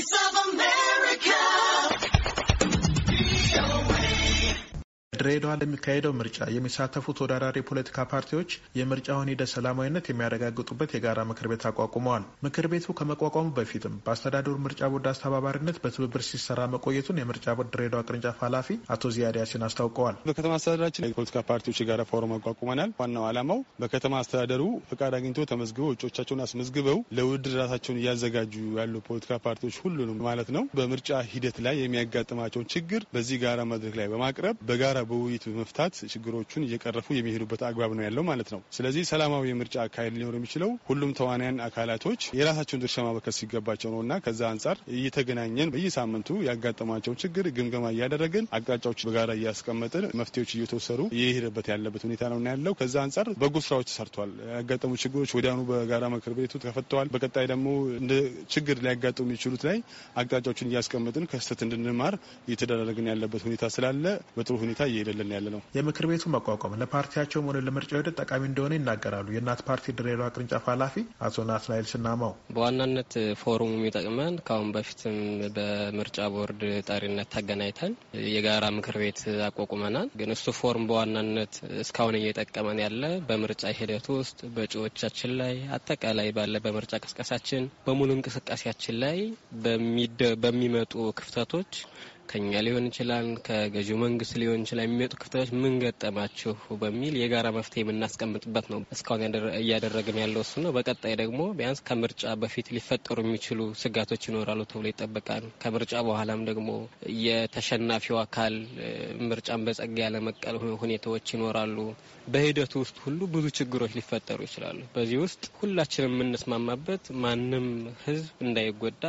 voice of በድሬዳዋ ለሚካሄደው ምርጫ የሚሳተፉ ተወዳዳሪ የፖለቲካ ፓርቲዎች የምርጫውን ሂደት ሰላማዊነት የሚያረጋግጡበት የጋራ ምክር ቤት አቋቁመዋል። ምክር ቤቱ ከመቋቋሙ በፊትም በአስተዳደሩ ምርጫ ቦርድ አስተባባሪነት በትብብር ሲሰራ መቆየቱን የምርጫ ቦርድ ድሬዳዋ ቅርንጫፍ ኃላፊ አቶ ዚያድ ያሲን አስታውቀዋል። በከተማ አስተዳደራችን የፖለቲካ ፓርቲዎች የጋራ ፎረም አቋቁመናል። ዋናው ዓላማው በከተማ አስተዳደሩ ፍቃድ አግኝቶ ተመዝግበው እጩዎቻቸውን አስመዝግበው ለውድድር ራሳቸውን እያዘጋጁ ያሉ ፖለቲካ ፓርቲዎች ሁሉንም ማለት ነው በምርጫ ሂደት ላይ የሚያጋጥማቸውን ችግር በዚህ ጋራ መድረክ ላይ በማቅረብ በጋራ በውይይት በመፍታት ችግሮቹን እየቀረፉ የሚሄዱበት አግባብ ነው ያለው ማለት ነው። ስለዚህ ሰላማዊ የምርጫ አካሄድ ሊኖር የሚችለው ሁሉም ተዋንያን አካላቶች የራሳቸውን ድርሻ ማበርከት ሲገባቸው ነው እና ከዛ አንጻር እየተገናኘን በየሳምንቱ ያጋጠማቸውን ችግር ግምገማ እያደረግን አቅጣጫዎች በጋራ እያስቀመጥን መፍትሄዎች እየተወሰዱ እየሄደበት ያለበት ሁኔታ ነው ያለው። ከዛ አንጻር በጎ ስራዎች ተሰርተዋል። ያጋጠሙ ችግሮች ወዲያኑ በጋራ ምክር ቤቱ ተፈተዋል። በቀጣይ ደግሞ እንደ ችግር ሊያጋጥሙ የሚችሉት ላይ አቅጣጫዎችን እያስቀመጥን ከስህተት እንድንማር እየተደረግን ያለበት ሁኔታ ስላለ በጥሩ ሁኔታ እየሄደልን ያለ ነው። የምክር ቤቱ መቋቋም ለፓርቲያቸው ሆነ ለምርጫ ሂደት ጠቃሚ እንደሆነ ይናገራሉ። የእናት ፓርቲ ድሬዳዋ ቅርንጫፍ ኃላፊ አቶ ናትናኤል ስናማው በዋናነት ፎረሙ የሚጠቅመን ከአሁን በፊትም በምርጫ ቦርድ ጠሪነት ተገናኝተን የጋራ ምክር ቤት አቋቁመናል። ግን እሱ ፎርም በዋናነት እስካሁን እየጠቀመን ያለ በምርጫ ሂደት ውስጥ በእጩዎቻችን ላይ አጠቃላይ ባለ በምርጫ ቅስቀሳችን በሙሉ እንቅስቃሴያችን ላይ በሚመጡ ክፍተቶች ከኛ ሊሆን ይችላል ከገዢው መንግስት ሊሆን ይችላል የሚመጡ ክፍተቶች ምን ገጠማችሁ በሚል የጋራ መፍትሄ የምናስቀምጥበት ነው። እስካሁን እያደረግን ያለው እሱ ነው። በቀጣይ ደግሞ ቢያንስ ከምርጫ በፊት ሊፈጠሩ የሚችሉ ስጋቶች ይኖራሉ ተብሎ ይጠበቃል። ከምርጫ በኋላም ደግሞ የተሸናፊው አካል ምርጫን በጸጋ ያለመቀል ሁኔታዎች ይኖራሉ። በሂደቱ ውስጥ ሁሉ ብዙ ችግሮች ሊፈጠሩ ይችላሉ። በዚህ ውስጥ ሁላችንም የምንስማማበት ማንም ህዝብ እንዳይጎዳ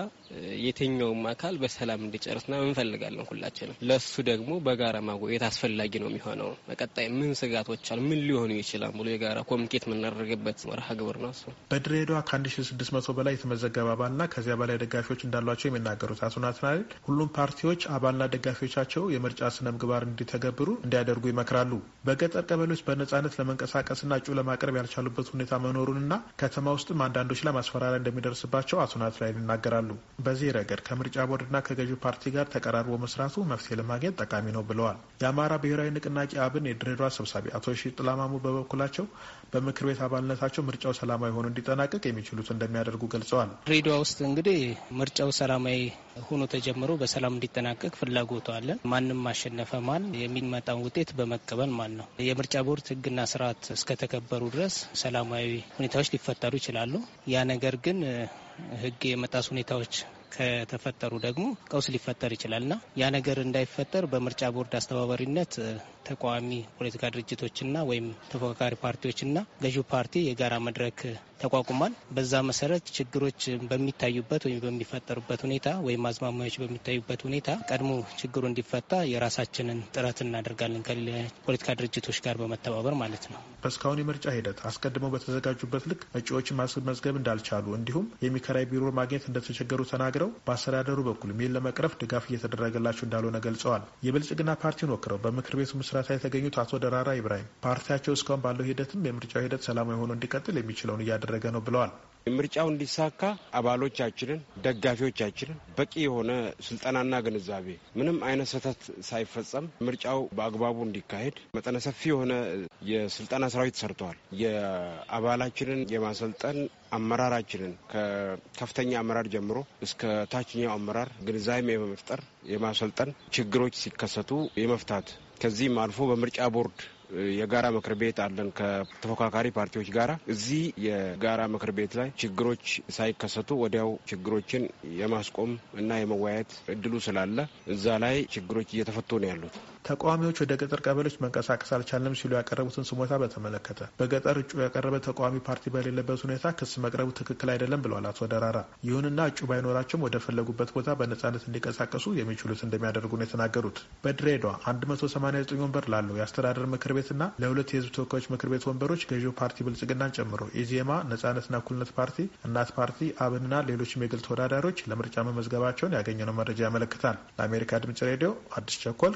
የትኛውም አካል በሰላም እንዲጨርስና እንፈልጋለን። እንችላለን ሁላችንም። ለሱ ደግሞ በጋራ ማጎየት አስፈላጊ ነው የሚሆነው። በቀጣይ ምን ስጋቶች አሉ፣ ምን ሊሆኑ ይችላል ብሎ የጋራ ኮሚኒኬት የምናደርግበት መርሃ ግብር ነው እሱ። በድሬዳዋ ከ1600 በላይ የተመዘገበ አባልና ከዚያ በላይ ደጋፊዎች እንዳሏቸው የሚናገሩት አቶ ናትናኤል ሁሉም ፓርቲዎች አባልና ደጋፊዎቻቸው የምርጫ ስነ ምግባር እንዲተገብሩ እንዲያደርጉ ይመክራሉ። በገጠር ቀበሌዎች በነጻነት ለመንቀሳቀስና እጩ ለማቅረብ ያልቻሉበት ሁኔታ መኖሩንና ከተማ ውስጥም አንዳንዶች ላይ ማስፈራሪያ እንደሚደርስባቸው አቶ ናትናኤል ይናገራሉ። በዚህ ረገድ ከምርጫ ቦርድና ከገዢው ፓርቲ ጋር ተቀራርቦ መስራቱ መፍትሄ ለማግኘት ጠቃሚ ነው ብለዋል። የአማራ ብሔራዊ ንቅናቄ አብን የድሬዳዋ ሰብሳቢ አቶ ሺ ጥላማሙ በበኩላቸው በምክር ቤት አባልነታቸው ምርጫው ሰላማዊ ሆኖ እንዲጠናቀቅ የሚችሉት እንደሚያደርጉ ገልጸዋል። ድሬዳዋ ውስጥ እንግዲህ ምርጫው ሰላማዊ ሆኖ ተጀምሮ በሰላም እንዲጠናቀቅ ፍላጎቱ አለን። ማንም ማሸነፈ ማን የሚመጣውን ውጤት በመቀበል ማን ነው። የምርጫ ቦርድ ህግና ስርዓት እስከተከበሩ ድረስ ሰላማዊ ሁኔታዎች ሊፈጠሩ ይችላሉ። ያ ነገር ግን ህግ የመጣስ ሁኔታዎች ከተፈጠሩ ደግሞ ቀውስ ሊፈጠር ይችላልና ያ ነገር እንዳይፈጠር በምርጫ ቦርድ አስተባባሪነት ተቃዋሚ ፖለቲካ ድርጅቶችና ወይም ተፎካካሪ ፓርቲዎችና ገዢው ፓርቲ የጋራ መድረክ ተቋቁሟል። በዛ መሰረት ችግሮች በሚታዩበት ወይም በሚፈጠሩበት ሁኔታ ወይም አዝማሚያዎች በሚታዩበት ሁኔታ ቀድሞ ችግሩ እንዲፈታ የራሳችንን ጥረት እናደርጋለን ከፖለቲካ ድርጅቶች ጋር በመተባበር ማለት ነው። በእስካሁን የምርጫ ሂደት አስቀድመው በተዘጋጁበት ልክ እጩዎችን ማስመዝገብ እንዳልቻሉ እንዲሁም የሚከራይ ቢሮ ማግኘት እንደተቸገሩ ተናግረው በአስተዳደሩ በኩል ሚል ለመቅረፍ ድጋፍ እየተደረገላቸው እንዳልሆነ ገልጸዋል። የብልጽግና ፓርቲን ወክረው በምክር ቤቱ ምስረታ የተገኙት አቶ ደራራ ኢብራሂም ፓርቲያቸው እስካሁን ባለው ሂደትም የምርጫው ሂደት ሰላማዊ ሆኖ እንዲቀጥል የሚችለውን እያደረ እየተደረገ ነው ብለዋል። ምርጫው እንዲሳካ አባሎቻችንን፣ ደጋፊዎቻችንን በቂ የሆነ ስልጠናና ግንዛቤ ምንም አይነት ስህተት ሳይፈጸም ምርጫው በአግባቡ እንዲካሄድ መጠነ ሰፊ የሆነ የስልጠና ስራዊት ሰርተዋል። የአባላችንን የማሰልጠን አመራራችንን ከከፍተኛ አመራር ጀምሮ እስከ ታችኛው አመራር ግንዛቤ የመፍጠር የማሰልጠን ችግሮች ሲከሰቱ የመፍታት ከዚህም አልፎ በምርጫ ቦርድ የጋራ ምክር ቤት አለን ከተፎካካሪ ፓርቲዎች ጋራ። እዚህ የጋራ ምክር ቤት ላይ ችግሮች ሳይከሰቱ ወዲያው ችግሮችን የማስቆም እና የመወያየት እድሉ ስላለ እዛ ላይ ችግሮች እየተፈቱ ነው ያሉት። ተቃዋሚዎች ወደ ገጠር ቀበሌዎች መንቀሳቀስ አልቻለም ሲሉ ያቀረቡትን ስሞታ በተመለከተ በገጠር እጩ ያቀረበ ተቃዋሚ ፓርቲ በሌለበት ሁኔታ ክስ መቅረቡ ትክክል አይደለም ብለዋል አቶ ደራራ። ይሁንና እጩ ባይኖራቸውም ወደፈለጉበት ቦታ በነጻነት እንዲንቀሳቀሱ የሚችሉት እንደሚያደርጉ ነው የተናገሩት። በድሬዳዋ 189 ወንበር ላለው የአስተዳደር ምክር ቤት ቤትና ለሁለት የህዝብ ተወካዮች ምክር ቤት ወንበሮች ገዢው ፓርቲ ብልጽግናን ጨምሮ ኢዜማ፣ ነጻነትና እኩልነት ፓርቲ፣ እናት ፓርቲ፣ አብንና ሌሎችም የግል ተወዳዳሪዎች ለምርጫ መመዝገባቸውን ያገኘነው መረጃ ያመለክታል። ለአሜሪካ ድምጽ ሬዲዮ አዲስ ቸኮል